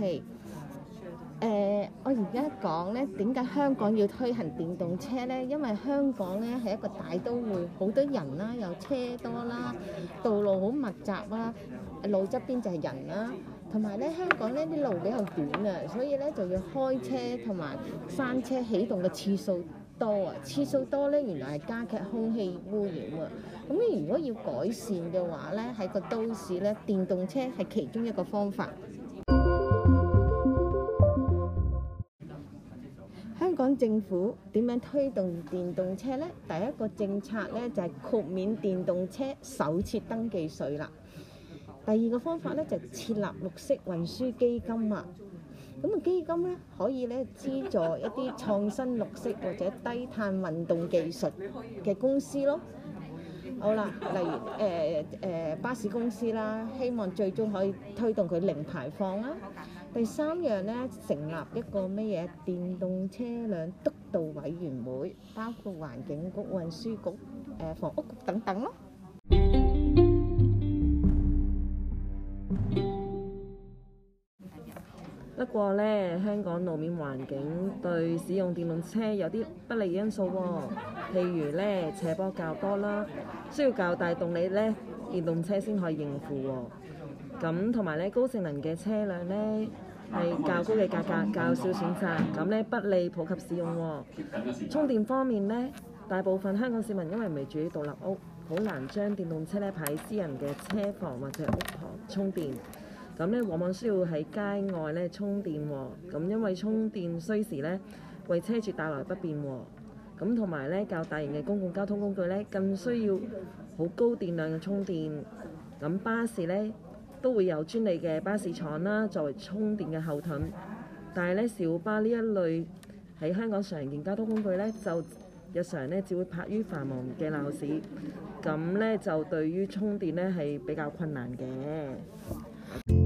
係，okay. uh, 我而家講咧，點解香港要推行電動車咧？因為香港咧係一個大都會，好多人啦、啊，又車多啦、啊，道路好密集啦、啊，路側邊就係人啦、啊，同埋咧香港咧啲路比較短啊，所以咧就要開車同埋翻車起動嘅次數多啊，次數多咧原來係加劇空氣污染啊。咁咧如果要改善嘅話咧，喺個都市咧電動車係其中一個方法。講政府點樣推動電動車呢？第一個政策呢，就係豁免電動車首次登記稅啦。第二個方法呢，就係設立綠色運輸基金啊。咁基金呢，可以呢，資助一啲創新綠色或者低碳運動技術嘅公司咯。好啦，例如誒誒、呃呃、巴士公司啦，希望最終可以推動佢零排放啦。第三樣咧，成立一個乜嘢電動車輛督導委員會，包括環境局、運輸局、誒、呃、房屋局等等咯。不過咧，香港路面環境對使用電動車有啲不利因素喎、哦，譬如咧斜坡較多啦，需要較大動力咧，電動車先可以應付喎、哦。咁同埋咧，高性能嘅車輛咧係較高嘅價格，較少選擇，咁咧不利普及使用、哦。充電方面咧，大部分香港市民因為未住於獨立屋，好難將電動車咧擺喺私人嘅車房或者屋旁充電。咁咧，往往需要喺街外咧充電喎、哦。咁因為充電需時咧，為車主帶來不便喎、哦。咁同埋咧，較大型嘅公共交通工具咧，更需要好高電量嘅充電，咁、嗯、巴士咧都會有專利嘅巴士廠啦，作為充電嘅後盾。但係咧，小巴呢一類喺香港常見交通工具咧，就日常咧只會泊於繁忙嘅鬧市，咁、嗯、咧、嗯、就對於充電咧係比較困難嘅。